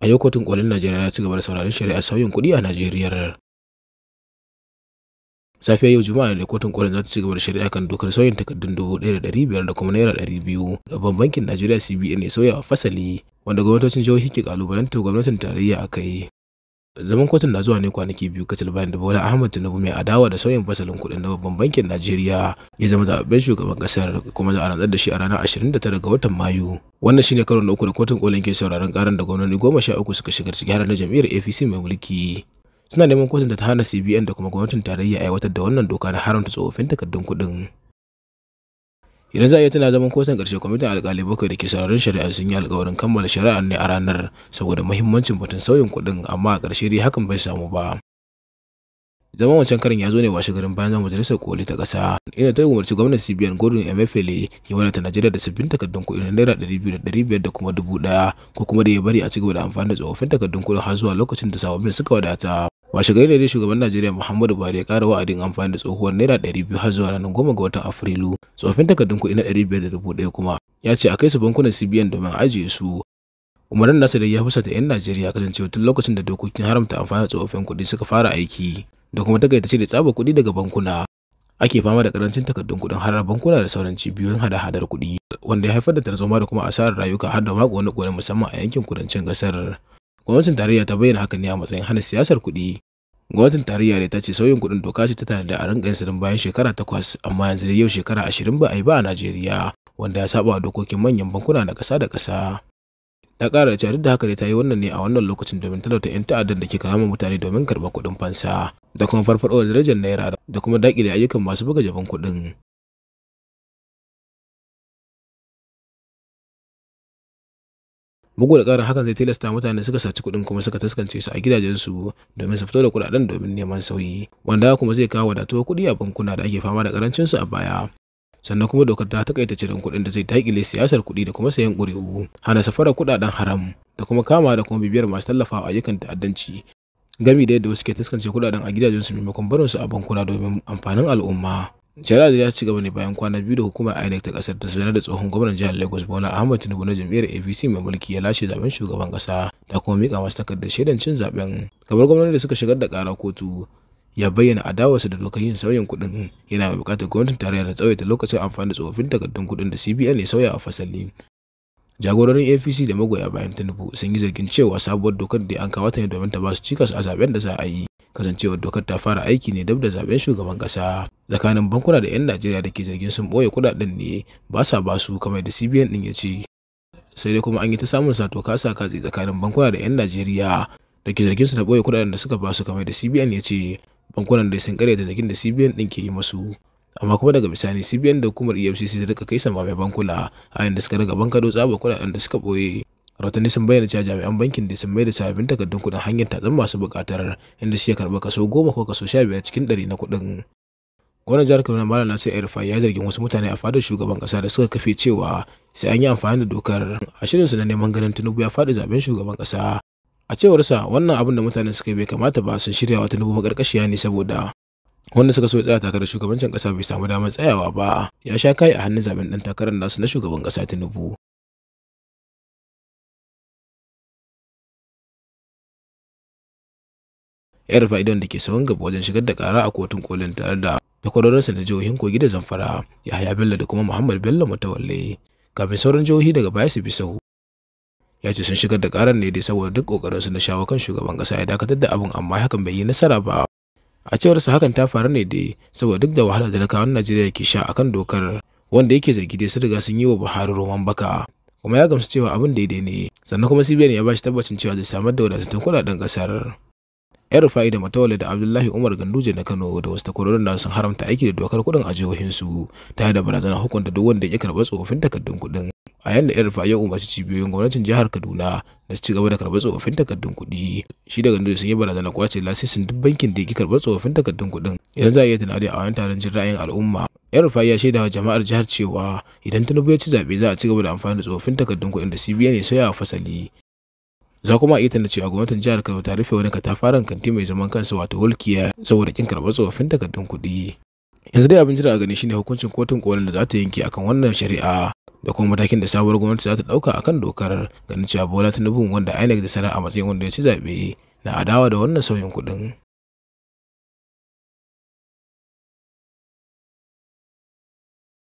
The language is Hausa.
a yau kotun kolin najeriya ta gaba da sauraron shari'ar sauyin kuɗi a najeriya safiyar yau juma'a da kotun kolin za ta ci gaba da shari'a kan dokar sauyin takardun dubu ɗaya da ɗari biyar da kuma naira ɗari biyu da babban bankin najeriya cbn ya sauya wa fasali wanda gwamnatocin jihohi ke kalubalantar gwamnatin tarayya a kai zaman kotun na zuwa ne kwanaki biyu kacal bayan da bola ahmad tinubu mai adawa da sauyin fasalin kuɗin na babban bankin najeriya ya zama zaɓen shugaban kasar, kuma za a rantsar da shi a ranar ashirin da tara ga watan mayu wannan shine karo na uku da kotun kolin ke sauraron karan da gwamnoni goma sha uku suka shigar ciki har na jam'iyyar apc mai mulki suna neman kotun da ta hana cbn da kuma gwamnatin tarayya aiwatar da wannan doka na haramta tsofaffin takardun kuɗin idan za a iya tuna zaman kotun ƙarshe kwamitin alƙalai bakwai da ke sararin shari'a sun yi alƙawarin kammala shari'ar ne a ranar saboda muhimmancin batun sauyin kuɗin amma a ƙarshe dai hakan bai samu ba zaman wancan karin ya zo ne washe garin bayan majalisar koli ta ƙasa ina ta umarci gwamnan cbn gordon emefele ya wadata najeriya da sabbin takardun kuɗi na naira ɗari biyu da ɗari biyar da kuma dubu ɗaya ko kuma da ya bari a cigaba da amfani da tsofaffin takardun kuɗi har zuwa lokacin da sababbin suka wadata Washegari da dai shugaban Najeriya Muhammadu Buhari ya kara wa'adin amfani da tsohuwar naira ɗari biyu har zuwa ranar goma ga watan Afrilu. Tsofaffin takardun kuɗi na ɗari biyar da dubu ɗaya kuma ya ce a kai su bankunan CBN domin ajiye su. umarnin nasa da ya fusata 'yan Najeriya kasancewa tun lokacin da dokokin haramta amfani da tsofaffin kuɗi suka fara aiki da kuma takaita da tsaba kuɗi daga bankuna. Ake fama da karancin takardun kuɗin harar bankuna da sauran cibiyoyin hada-hadar kuɗi wanda ya haifar da tarzoma da kuma asarar rayuka har da mako wani musamman a yankin kudancin ƙasar. Gwamnatin tarayya ta bayyana hakan ne a matsayin hana siyasar kuɗi. Gwamnatin tarayya ne ta ce sauyin kuɗin doka ce ta tanada a rinka yin bayan shekara takwas amma yanzu dai yau shekara ashirin ba a yi ba a Najeriya wanda ya saba dokokin manyan bankuna na ƙasa da ƙasa. ta kara cewa da haka dai ta yi wannan ne a wannan lokacin domin talauta 'yan ta'addan da ke kama mutane domin karɓar kuɗin fansa da kuma farfaɗo da darajar naira da kuma daƙile ayyukan masu buga jabin kuɗin bugu da ƙarin hakan zai tilasta mutane suka saci kuɗin kuma suka taskance su a gidajensu domin su fito da kuɗaɗen domin neman sauyi wanda kuma zai kawo wadatuwar kuɗi a bankuna da ake fama da ƙarancinsu a baya sannan kuma dokar ta taƙaita ciren kuɗin da zai daƙile siyasar kuɗi da kuma sayan ƙuri'u hana safarar kuɗaɗen haram da kuma kama da kuma bibiyar masu tallafawa ayyukan ta'addanci gami da yadda wasu ke taskance kuɗaɗen a gidajensu maimakon barinsu a bankuna domin amfanin al'umma Shari'ar ya ci gaba ne bayan kwana biyu da hukumar INEC ta kasar ta sanar da tsohon gwamnan jihar Lagos Bola Ahmed Tinubu na jam'iyyar APC mai mulki ya lashe zaben shugaban kasa da kuma mika masa takardar shaidan cin zaben. Kamar gwamnati da suka shigar da ƙara kotu ya bayyana adawarsa da dokar yin sauyin kuɗin yana mai buƙatar gwamnatin tarayya ta tsawaita lokacin amfani da tsofaffin takardun kuɗin da CBN ya sauya a fasali. Jagororin APC da magoya bayan Tinubu sun yi zargin cewa sabuwar dokar da an kawo ta ne domin ta ba su cikas a zaben da za a yi kasancewar dokar ta fara aiki ne dab da zaben shugaban kasa tsakanin bankuna da 'yan Najeriya da ke zargin sun ɓoye kudaden ne ba sa ba su kamar da CBN ɗin ya ce. Sai dai kuma an yi ta samun sato kasa katsi tsakanin bankuna da 'yan Najeriya da ke zargin su da ɓoye kuɗaɗen da suka ba su kamar da CBN ya ce bankunan da sun da zargin da CBN ɗin ke yi masu. amma kuma daga bisani cbn da hukumar efcc da rika kai sama mai bankuna a yanda suka riga bankado tsaba kudaden da suka boye rahotanni sun bayyana cewa jami'an bankin da sun maida sababbin takardun kuɗin hanyar tatsan masu buƙatar inda shi ya karɓi kaso goma ko kaso sha biyar cikin ɗari na kuɗin Gwamnan jihar Kaduna Malam Nasir el ya zargin wasu mutane a fadar shugaban kasa da suka kafe cewa sai an yi amfani da dokar a su na neman ganin Tinubu ya fadi zaben shugaban kasa. A cewar sa wannan abin da mutane suka yi bai kamata ba sun shirya wa Tinubu maƙarƙashiya ne saboda wanda suka so ya tsaya takarar shugabancin kasa bai samu damar tsayawa ba ya sha kai a hannun zaben dan takarar nasu na shugaban kasa Tinubu. yar fa'idan da ke sawan gaba wajen shigar da kara a kotun kolin tare da da sa da jihohin kogi da zamfara yahaya bello da kuma muhammad bello mutawalle kafin sauran jihohi daga baya su bi sahu ya ce sun shigar da karar ne dai saboda duk kokarinsu na shawo kan shugaban kasa ya dakatar da abin amma hakan bai yi nasara ba a cewar sa hakan ta faru ne dai saboda duk da wahala da talakawan najeriya ke sha akan dokar wanda yake zargi dai sun riga sun yi wa buhari roman baka kuma ya gamsu cewa abin daidai ne sannan kuma cbn ya ba shi tabbacin cewa zai samar da wadatattun kuɗaɗen ƙasar yar rufa'i da matawala da abdullahi umar ganduje na kano da wasu takwarorin da sun haramta aiki da dokar kuɗin a jihohinsu ta da barazana hukunta duk wanda ya karɓar tsofaffin takardun kuɗin a yanda yar rufa'i ya umarci cibiyoyin gwamnatin jihar kaduna da su ci gaba da karɓar tsofaffin takardun kuɗi shi da ganduje sun yi barazana kwace lasisin duk bankin da ya ki karɓar tsofaffin takardun kuɗin idan za a iya tunani a wani taron jin ra'ayin al'umma yar rufa'i ya shaida wa jama'ar jihar cewa idan tinubu ya ci zaɓe za a ci gaba da amfani da tsofaffin takardun kudin da cbn ya sayawa fasali Za kuma a iya tana cewa gwamnatin jihar Kano ta rufe wani katafaren kanti mai zaman kansa wato Holkiya saboda kin karɓar tsofaffin takardun kuɗi. Yanzu dai abin jira a gani shine hukuncin kotun kolin da za ta yanke akan wannan shari'a da kuma matakin da sabuwar gwamnati za ta ɗauka akan dokar ganin cewa Bola Tinubu wanda INEC da sanar a matsayin wanda ya ci zaɓe na adawa da wannan sauyin kuɗin.